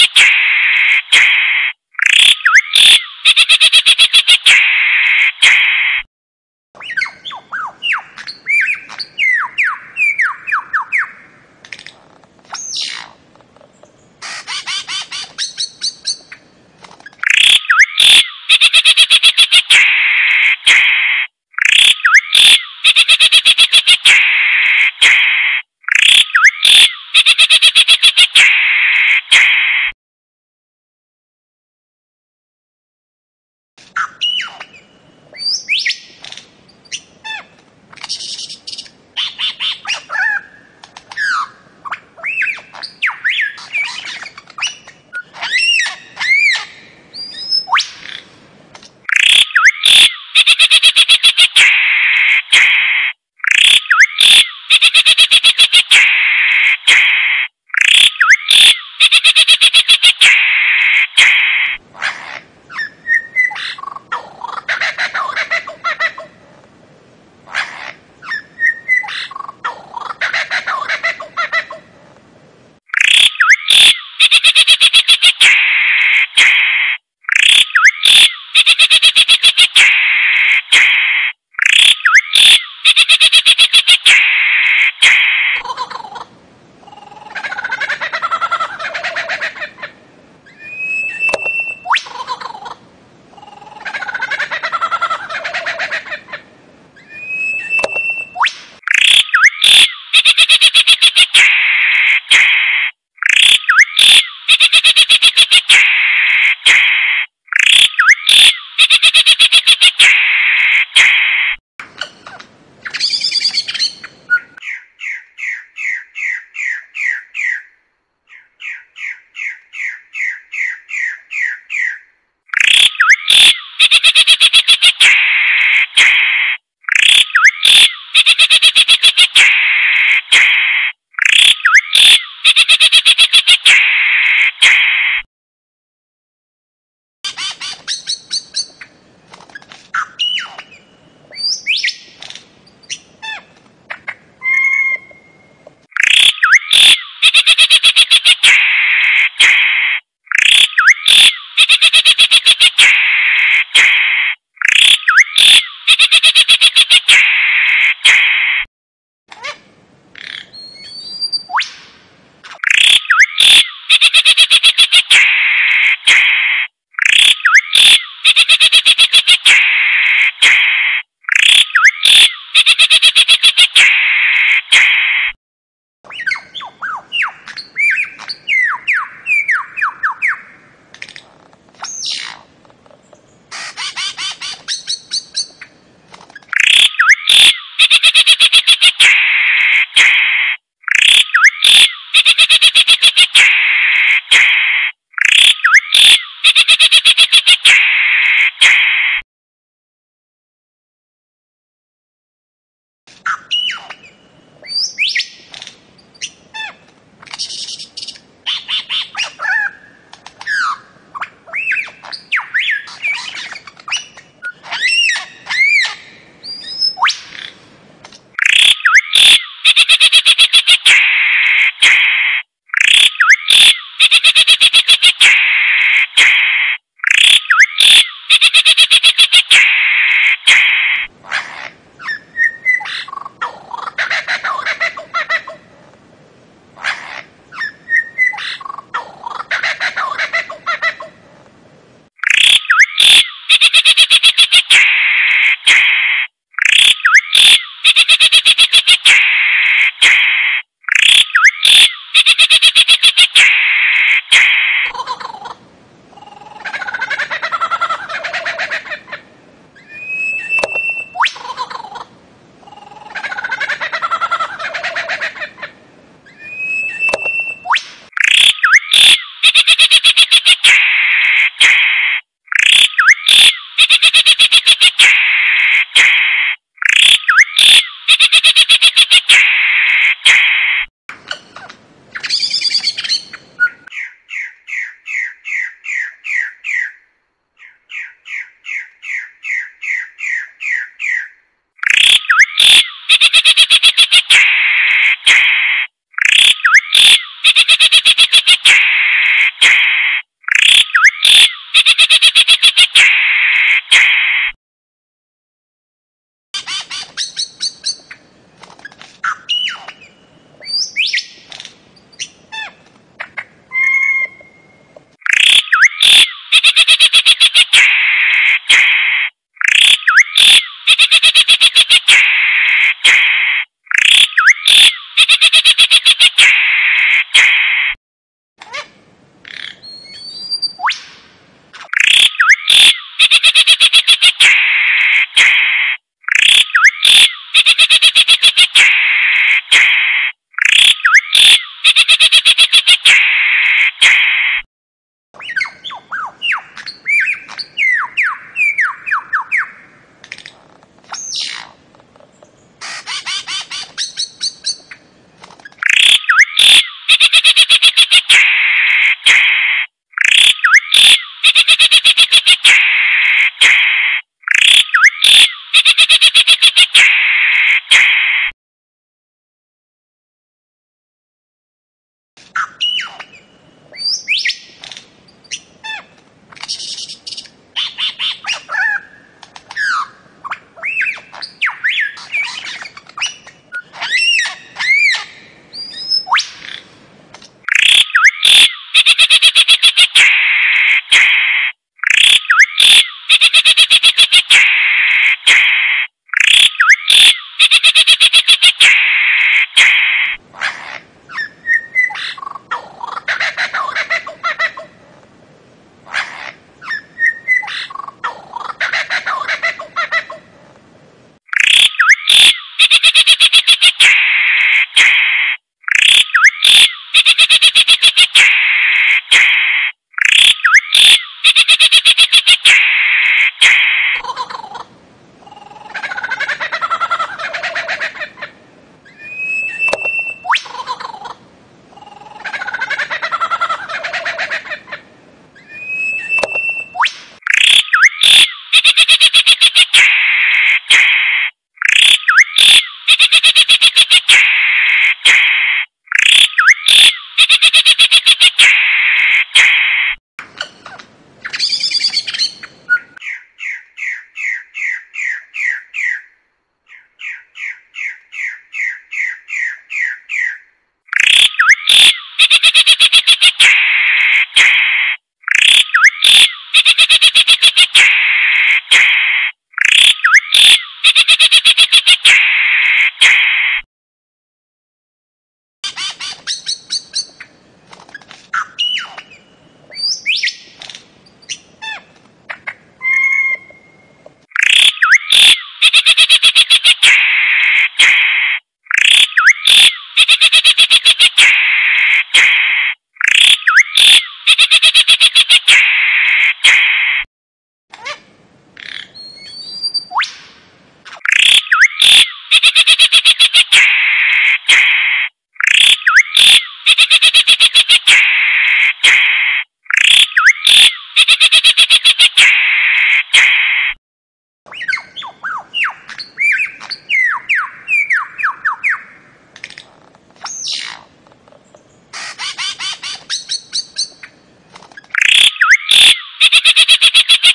Yeah.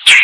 Yeah.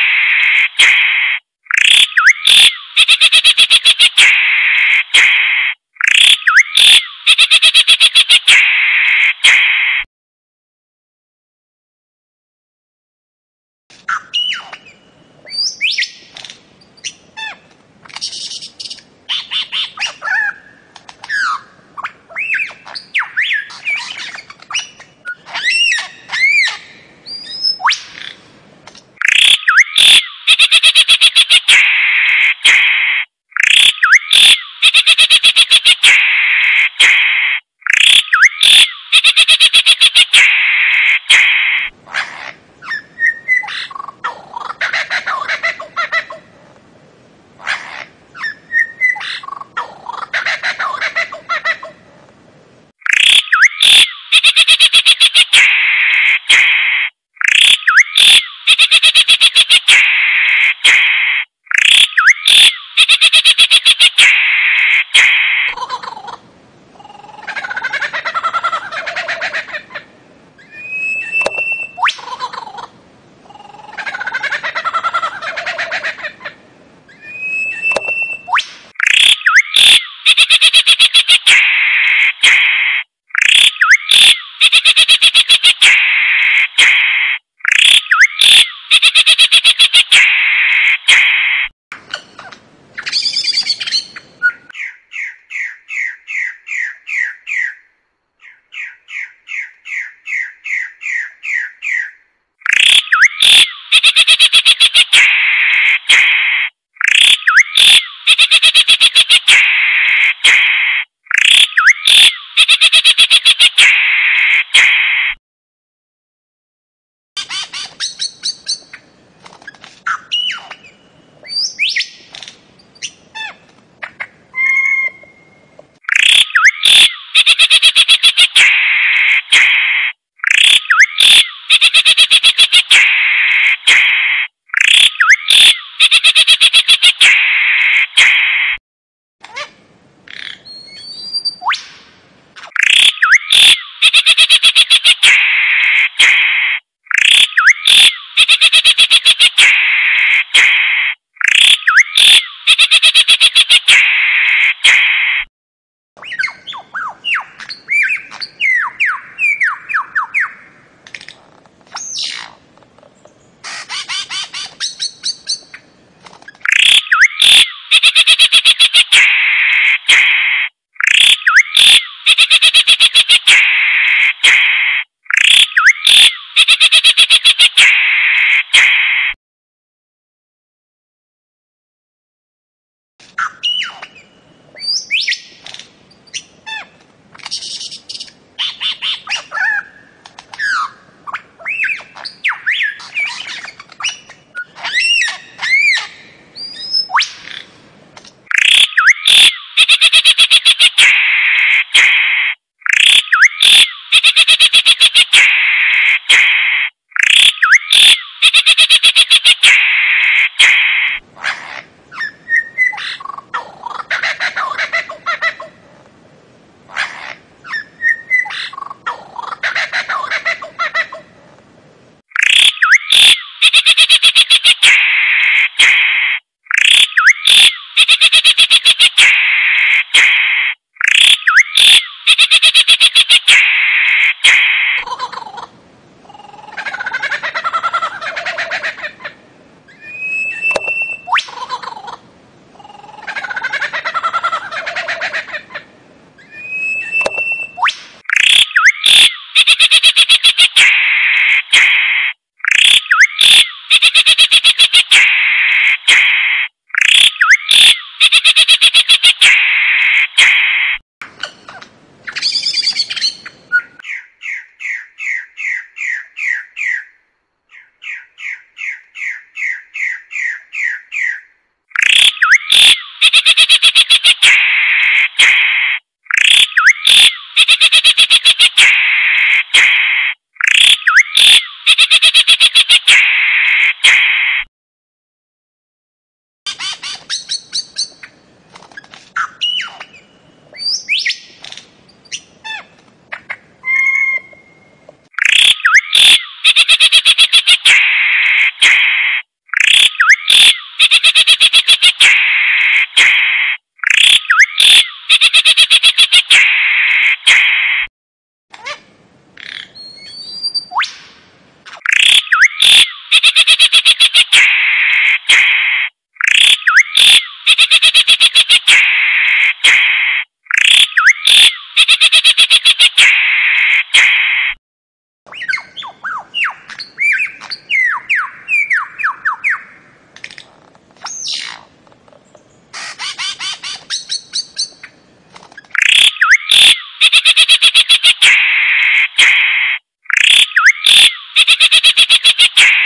Yeah.